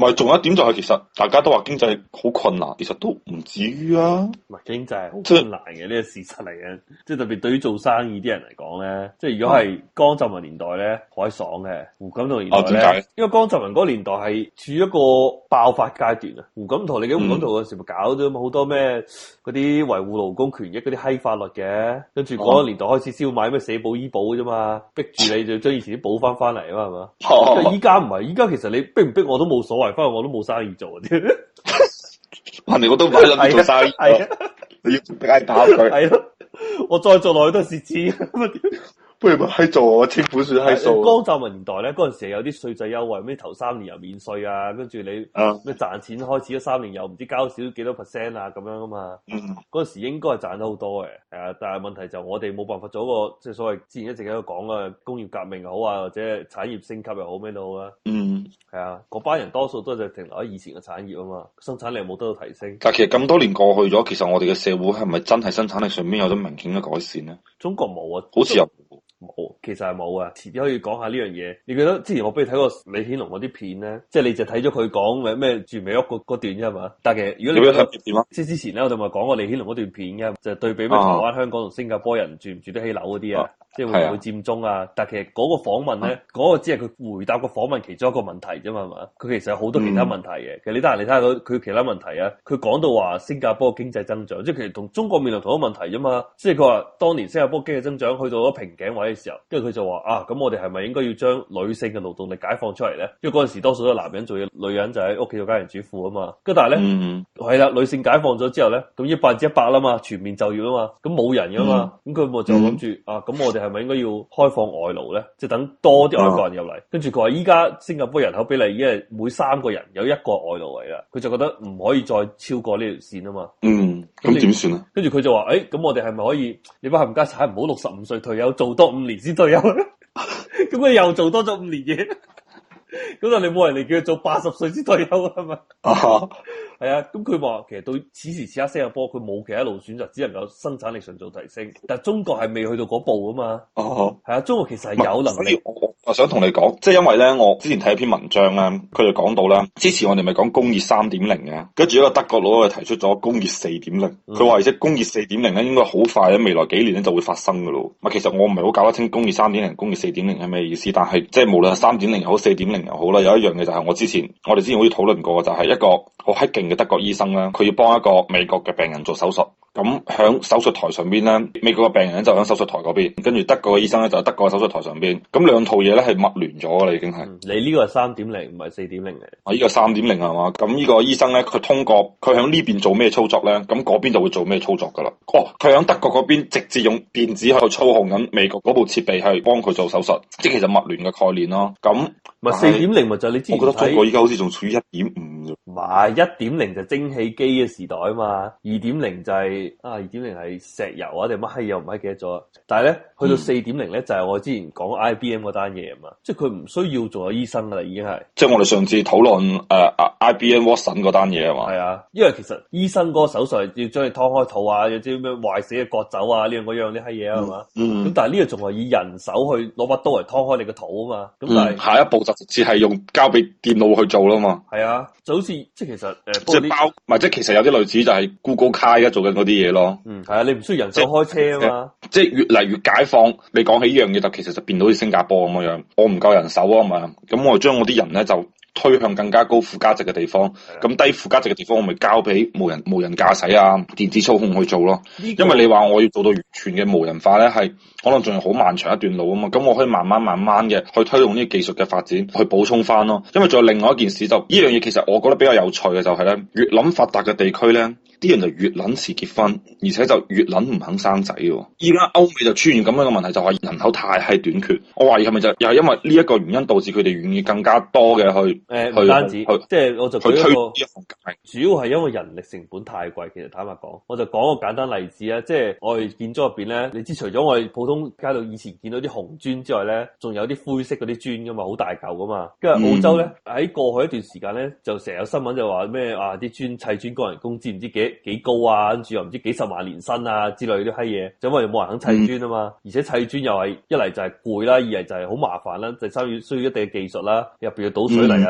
唔係，仲有一點就係，其實大家都話經濟好困難，其實都唔至於啊。唔係經濟係好困難嘅，呢個事實嚟嘅。即係特別對於做生意啲人嚟講咧，即係如果係江澤民年代咧，好爽嘅；胡錦濤年代咧，因為江澤民嗰個年代係處於一個爆發階段啊。胡錦濤你記得胡錦濤嗰時咪搞咗好多咩嗰啲維護勞工權益嗰啲閪法律嘅？跟住嗰個年代開始先要買咩社保醫保嘅啫嘛，逼住你就將以前啲補翻翻嚟啊嘛，係咪啊？依家唔係，依家其實你逼唔逼我都冇所謂。反正我都冇生意做，啲 ，係咪我都唔係諗做生意，係你的要點解打佢？係咯，我再做落去都蝕錢。 不如咪喺做我千本算。喺數。江澤民年代咧，嗰陣時有啲稅制優惠，咩頭三年又免稅啊，跟住你咩賺、啊、錢開始咗三年又唔知交少幾多 percent 啊咁樣噶嘛。嗰陣時應該係賺得好多嘅，係啊。但係問題就我哋冇辦法做一個即係、就是、所謂之前一直喺度講嘅工業革命好啊，或者產業升級又好咩都好啦。嗯，係啊。嗰班人多數都係停留喺以前嘅產業啊嘛，生產力冇得到提升。但其實咁多年過去咗，其實我哋嘅社會係咪真係生產力上面有咗明顯嘅改善咧？中國冇啊，好似有～冇，其實係冇啊。遲啲可以講下呢樣嘢。你記得之前我俾你睇過李顯龍嗰啲片咧，即係你就睇咗佢講咩住美屋嗰段啫嘛。但係其實如果你點啊，即係之前咧我哋咪講過李顯龍嗰段片嘅，就對比咩台灣、啊、香港同新加坡人住唔住得起樓嗰啲啊，即係會唔會佔中啊？啊但係其實嗰個訪問咧，嗰、啊、個只係佢回答個訪問其中一個問題啫嘛，係嘛？佢其實有好多其他問題嘅。嗯、其實你得閒你睇下佢佢其他問題啊。佢講到話新加坡經濟增長，即係其實同中國面臨同一個問題啫嘛。即係佢話當年新加坡經濟增長去到咗瓶頸位。嘅時候，跟住佢就話啊，咁我哋係咪應該要將女性嘅勞動力解放出嚟咧？因為嗰陣時多數都男人做嘢，女人就喺屋企做家庭主婦啊嘛。跟住但係咧，係啦、嗯，女性解放咗之後咧，咁要百分之一百啦嘛，全面就業啊嘛，咁冇人噶嘛，咁佢咪就諗住、嗯、啊，咁我哋係咪應該要開放外勞咧？即、就、係、是、等多啲外國人入嚟。跟住佢話依家新加坡人口比例已經係每三個人有一個外勞嚟啦，佢就覺得唔可以再超過呢條線啊嘛。嗯，咁點算啊？跟住佢就話誒，咁、哎、我哋係咪可以？你幫冚家鏟唔好六十五歲退休做多。五年先退休，咁你又做多咗五年嘢，咁就你冇人嚟叫佢做八十歲先退休啊、 uh，係咪？係啊，咁佢話其實到此時此刻，新加坡佢冇其他路選擇，只能夠生產力上做提升。但係中國係未去到嗰步啊嘛。哦、啊，係啊，中國其實係有能力，啊。我我想同你講，即係因為咧，我之前睇一篇文章咧，佢就講到啦，之前我哋咪講工業三點零嘅，跟住一個德國佬就提出咗工業四點零。佢話而且工業四點零咧，應該好快咧，未來幾年咧就會發生噶咯。其實我唔係好搞得清工業三點零，工業四點零係咩意思，但係即係無論係三點零又好，四點零又好啦，有一樣嘢就係我之前我哋之前好似討論過就係一個。好黑勁嘅德國醫生咧，佢要幫一個美國嘅病人做手術。咁響手術台上邊咧，美國嘅病人就響手術台嗰邊，跟住德國嘅醫生咧就喺德國嘅手術台上邊。咁兩套嘢咧係物聯咗啦，已經係、嗯。你呢個係三點零，唔係四點零嚟。我、這、呢個三點零係嘛？咁呢個醫生咧，佢通過佢響呢邊做咩操作咧，咁嗰邊就會做咩操作噶啦。哦，佢響德國嗰邊直接用電子喺度操控緊美國嗰部設備，係幫佢做手術，即係其實物聯嘅概念咯。咁咪四點零咪就你？知，我覺得中國依家好似仲處於一點五。啊！一點零就蒸汽機嘅時代啊嘛，二點零就係、是、啊，二點零係石油啊定乜閪又唔係記得咗。但係咧，去到四點零咧就係我之前講 IBM 嗰單嘢啊嘛，即係佢唔需要做醫生啦，已經係。即係我哋上次討論誒、呃、IBM Watson 嗰單嘢係嘛？係啊，因為其實醫生嗰個手術要將你劏開肚啊，又知咩知壞死嘅割走啊呢樣嗰樣啲閪嘢係嘛？咁、嗯嗯、但係呢個仲係以人手去攞把刀嚟劏開你個肚啊嘛。咁但係、嗯、下一步就直接係用交俾電腦去做啦嘛。係啊，就好似。即係其實誒，呃、即係包，唔係、嗯、即係其實有啲類似就係 Google Car 而家做緊嗰啲嘢咯。嗯，係啊，你唔需要人手開車啊嘛。即係越嚟越解放。你講起呢樣嘢就其實就變到好似新加坡咁嘅樣。我唔夠人手啊嘛，咁我將我啲人咧就。推向更加高附加值嘅地方，咁低附加值嘅地方我咪交俾無人無人駕駛啊、電子操控去做咯。因為你話我要做到完全嘅無人化呢，係可能仲係好漫長一段路啊嘛。咁我可以慢慢慢慢嘅去推動呢啲技術嘅發展，去補充翻咯。因為仲有另外一件事，就呢樣嘢其實我覺得比較有趣嘅就係呢：越諗發達嘅地區呢，啲人就越撚遲結婚，而且就越撚唔肯生仔嘅。依家歐美就出現咁樣嘅問題，就係人口太係短缺。我懷疑係咪就又係因為呢一個原因導致佢哋願意更加多嘅去。誒唔、呃、推單止，推即係我就舉一個主要係因為人力成本太貴。其實坦白講，我就講個簡單例子啊，即係我哋建築入邊咧，你知除咗我哋普通街道以前見到啲紅磚之外咧，仲有啲灰色嗰啲磚噶嘛，好大嚿噶嘛。跟住澳洲咧，喺過去一段時間咧，就成日有新聞就話咩啊，啲磚砌磚個人工資唔知幾幾高啊，跟住又唔知幾十萬年薪啊之類啲閪嘢，就因為冇人肯砌磚啊嘛。而且砌磚又係一嚟就係攰啦，二嚟就係好麻煩啦，就需、是、要需要一定嘅技術啦，入邊要倒水嚟啊。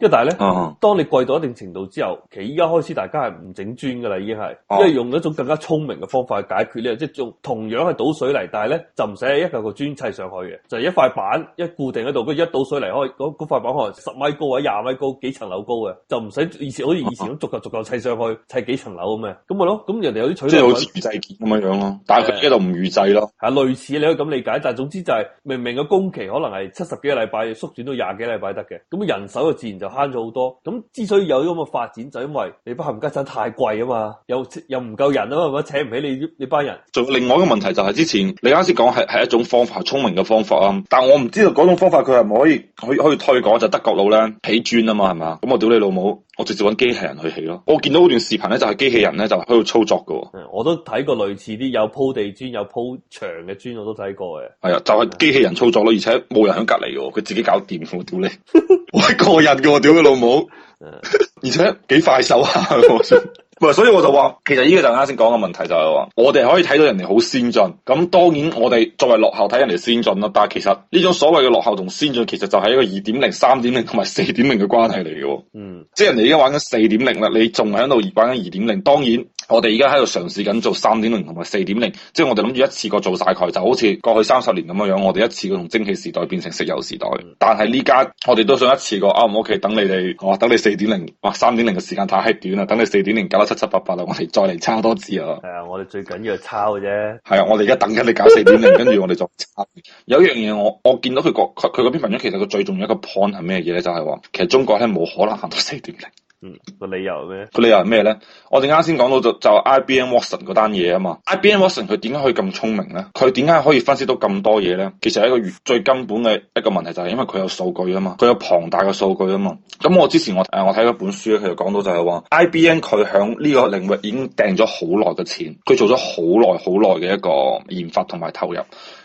因但係咧，uh huh. 當你貴到一定程度之後，其實依家開始大家係唔整磚噶啦，已經係，uh huh. 因為用一種更加聰明嘅方法去解決呢，即係用同樣係倒水泥，但係咧就唔使一個個磚砌上去嘅，就係、是、一塊板一固定喺度，跟住一倒水泥開，嗰嗰塊板可能十米高或者廿米高，幾層樓高嘅，就唔使以前好似以前咁逐嚿逐嚿砌上去，砌幾層樓咁嘅，咁咪咯，咁人哋有啲取、就是、即係好似預製件咁樣樣咯，嗯、但係佢一路唔預製咯，係類似你可以咁理解，但係總之就係明明嘅工期可能係七十幾個禮拜，縮短到廿幾個禮拜得嘅，咁人手就自然就。慳咗好多，咁之所以有咁嘅發展，就因為你班冚家鏟太貴啊嘛，又又唔夠人啊嘛，咁請唔起你你班人。仲另外一個問題就係之前你啱先講係係一種方法，聰明嘅方法啊，但我唔知道嗰種方法佢係唔可以，可以可以推廣，就德國佬咧起磚啊嘛，係嘛，咁我屌你老母！我直接揾機器人去起咯，我見到段視頻咧就係、是、機器人咧就喺度操作嘅、喔。我都睇過類似啲有鋪地磚有鋪牆嘅磚，我都睇過嘅。係啊，就係、是、機器人操作咯，而且冇人喺隔籬，佢自己搞掂。 我屌你，我係過癮嘅，我屌佢老母， 而且幾快手啊！ 所以我就話，其實呢個就啱先講嘅問題就係話，我哋可以睇到人哋好先進，咁當然我哋作為落後睇人哋先進咯。但係其實呢種所謂嘅落後同先進，其實就係一個二點零、三點零同埋四點零嘅關係嚟嘅。嗯，即係人哋已經玩緊四點零啦，你仲喺度玩緊二點零，當然。我哋而家喺度嘗試緊做三點零同埋四點零，即係我哋諗住一次過做晒佢，就好似過去三十年咁樣樣。我哋一次過從蒸汽時代變成石油時代，但係呢家我哋都想一次過啊，唔、哦、啱？OK，等你哋，我話等你四點零，哇！三點零嘅時間太短啦，等你四點零搞得七七八八啦，我哋再嚟抄多次啊！係啊，我哋最緊要係抄嘅啫。係啊，我哋而家等緊你搞四點零，跟住我哋就抄。有一樣嘢，我我見到佢個佢佢嗰篇文章，其實佢最重要一個 point 係咩嘢咧？就係、是、話，其實中國咧冇可能行到四點零。嗯，個理由咩？個理由係咩咧？我哋啱先講到就就 Watson IBM Watson 嗰單嘢啊嘛，IBM Watson 佢點解可以咁聰明咧？佢點解可以分析到咁多嘢咧？其實係一個最根本嘅一個問題就係因為佢有數據啊嘛，佢有龐大嘅數據啊嘛。咁我之前我誒我睇嗰本書咧，佢就講到就係話 IBM 佢響呢個領域已經掟咗好耐嘅錢，佢做咗好耐好耐嘅一個研發同埋投入。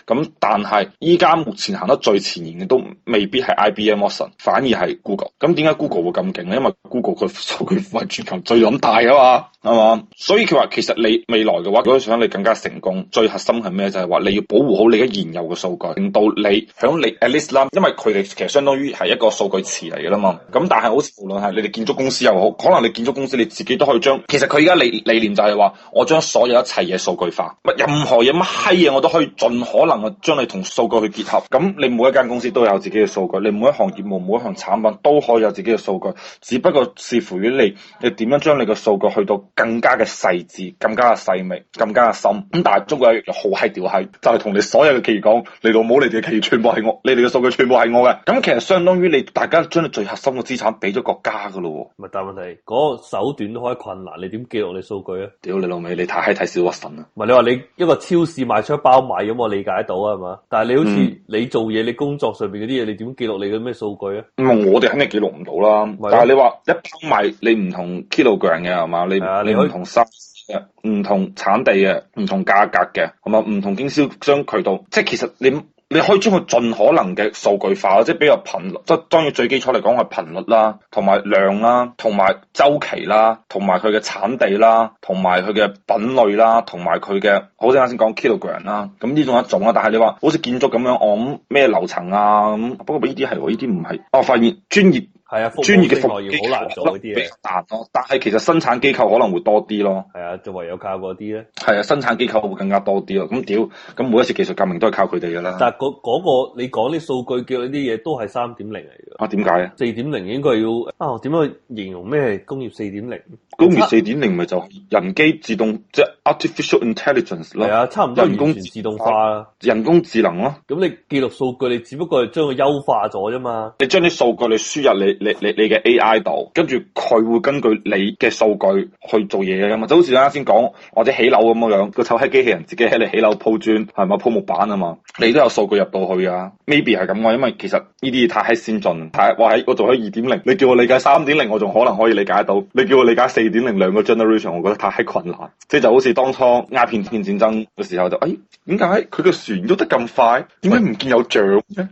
咁但係依家目前行得最前沿嘅都未必係 IBM Watson，反而係 Google。咁點解 Google 會咁勁咧？因為 Google 佢數據庫係全球最咁大噶嘛，係嘛？所以佢話其實你未來嘅話，如果想你更加成功，最核心係咩？就係話你要保護好你嘅現有嘅數據令到你響你 at least 啦。因為佢哋其實相當於係一個數據池嚟嘅啦嘛。咁但係好似無論係你哋建築公司又好，可能你建築公司你自己都可以將其實佢而家理理念就係話我將所有一切嘢數據化，乜任何嘢乜閪嘢我都可以盡可能。我將你同數據去結合，咁你每一間公司都有自己嘅數據，你每一項業務、每一項產品都可以有自己嘅數據，只不過視乎於你你點樣將你嘅數據去到更加嘅細緻、更加嘅細微、更加嘅深。咁、嗯、但係中國有好閪屌閪，就係、係、同你所有嘅企業講，你老母你哋嘅企業全部係我，你哋嘅數據全部係我嘅。咁其實相當於你大家將你最核心嘅資產俾咗國家㗎咯喎。唔係大問題，嗰、嗰個、手段都可以困難，你點記錄你數據咧？屌你老味，你太閪睇小屈神啦！唔係你話你一個超市賣出一包米咁，我理解。到係嘛，但係你好似你做嘢，你工作上邊嗰啲嘢，你點記錄你嘅咩數據啊？咁啊、嗯，我哋肯定記錄唔到啦。啊、但係你話一包埋你唔同 kilogram 嘅係嘛，你你唔、啊、同生嘅，唔同產地嘅，唔同價格嘅，係嘛，唔同經銷商渠道，即係其實你。你可以將佢盡可能嘅數據化，即係比較頻率，即當然最基礎嚟講係頻率啦，同埋量啦，同埋周期啦，同埋佢嘅產地啦，同埋佢嘅品類啦，同埋佢嘅，好似啱先講 kilogram 啦，咁呢種一種啊，但係你話好似建築咁樣，按咩樓層啊咁，不過呢啲係我呢啲唔係，我、啊、發現專業。係啊，業專業嘅服機好難做嗰啲嘢難咯，但係其實生產機構可能會多啲咯。係啊，就唯有靠嗰啲咧。係啊，生產機構會更加多啲咯。咁屌，咁每一次技術革命都係靠佢哋㗎啦。但係嗰嗰個你講啲數據叫呢啲嘢都係三點零嚟嘅。啊，點解啊？四點零應該要啊？點樣形容咩？工業四點零？工業四點零咪就人機自動啫。就是 artificial intelligence 咯，係啊，差唔多。人工自，自動化，人工智能咯、啊。咁你記錄數據，你只不過係將佢優化咗啫嘛。你將啲數據你輸入你你你你嘅 AI 度，跟住佢會根據你嘅數據去做嘢噶嘛。就好似啱先講，或者起樓咁樣樣，個臭閪機器人自己喺你起樓鋪磚，係咪鋪木板啊嘛？你都有數據入到去啊。maybe 係咁啊，因為其實呢啲嘢太閪先進，太我喺、哎、我做咗二點零，你叫我理解三點零，我仲可能可以理解到。你叫我理解四點零，兩個 generation，我覺得太閪困難。即係就好似。當初鴉片戰,戰爭嘅時候就，哎，點解佢個船喐得咁快？點解唔見有槳？嘅？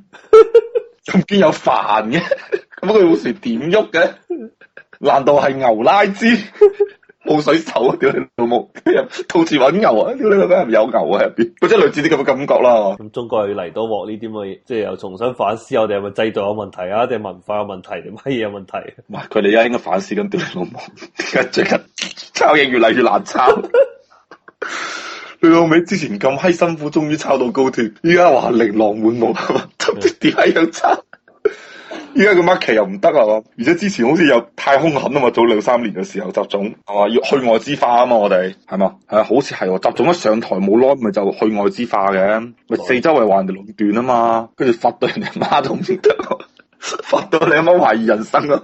唔見有帆嘅？咁佢條船點喐嘅？難道係牛拉之？冇 水手啊！屌你老母，又到處搵牛啊！屌你老母係咪有牛啊？入邊，即係類似啲咁嘅感覺啦。咁中國要嚟到學呢啲咪，即係又重新反思我哋係咪制度有問題啊？定文化有問題定乜嘢有問題？唔係，佢哋而家應該反思緊。屌你老母，點解最近抄嘢越嚟越難抄。 你老味，之前咁閪辛苦，終於炒到高段，依家話力浪滿目，係嘛？到底點解又炒？依家個 mac 期又唔得啦，而且之前好似又太凶狠啊嘛！早兩三年嘅時候集總係嘛、啊，要去外之化啊嘛，我哋係嘛，係啊，好似係集總一上台冇耐，咪就去外之化嘅，咪四周圍話人哋壟啊嘛，跟住發到人哋媽都唔記得，發到你阿媽懷疑人生啊！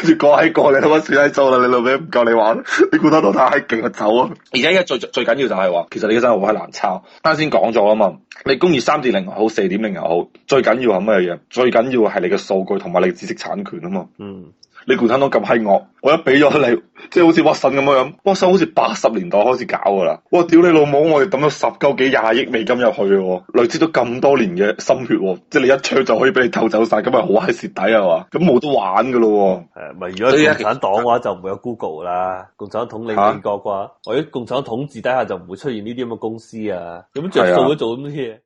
跟住過喺過你，我算喺做啦，你老味唔夠你玩，你估得到太勁啊，走啊！而且而家最最緊要就係話，其實你嘅生活好閪難抄，啱先講咗啊嘛，你工業三點零又好，四點零又好，最緊要係乜嘢？最緊要係你嘅數據同埋你嘅知識產權啊嘛。嗯。你共產黨咁閪惡，我一俾咗你，即係好似屈臣咁樣樣，屈臣好似八十年代開始搞㗎啦。我屌你老母，我哋抌咗十鳩幾廿億美金入去喎，累積咗咁多年嘅心血喎，即係你一搶就可以俾你偷走晒，咁咪好閪蝕底係嘛？咁冇得玩㗎咯喎。係咪如果你共產黨嘅話就唔會有 Google 啦，共產黨統領幾個啩？啊、或者共產黨統治底下就唔會出現呢啲咁嘅公司啊？咁著數都做咁啲嘢。